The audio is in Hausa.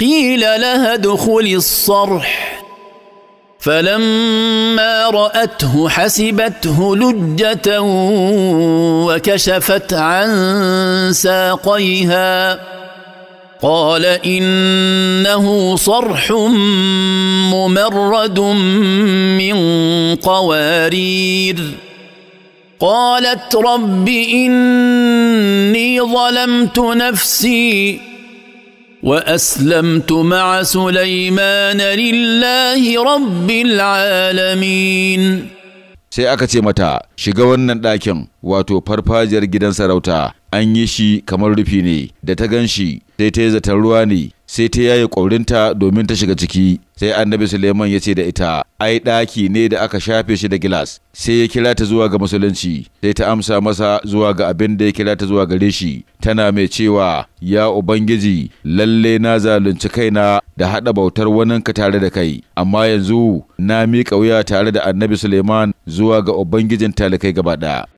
قيل لها ادخل الصرح فلما راته حسبته لجه وكشفت عن ساقيها قال انه صرح ممرد من قوارير قالت رب اني ظلمت نفسي واسلمت مع سليمان لله رب العالمين sai aka ce mata shiga wannan ɗakin wato farfajiyar gidan sarauta an yi shi kamar rufi ne da ta gan shi sai ta yi zaton ruwa ne sai ta yaye ƙaurinta domin ta shiga ciki sai annabi suleiman ya ce da ita ai ɗaki ne da aka shafe shi da gilas sai ya kira ta zuwa ga musulunci sai ta amsa masa zuwa ga abin da ya kira ta zuwa gare shi tana mai cewa ya ubangiji lalle na zalunci kaina da haɗa bautar waninka tare da kai amma yanzu na miƙa wuya tare da annabi suleiman zuwa ga ubangijin talikai gaba ɗaya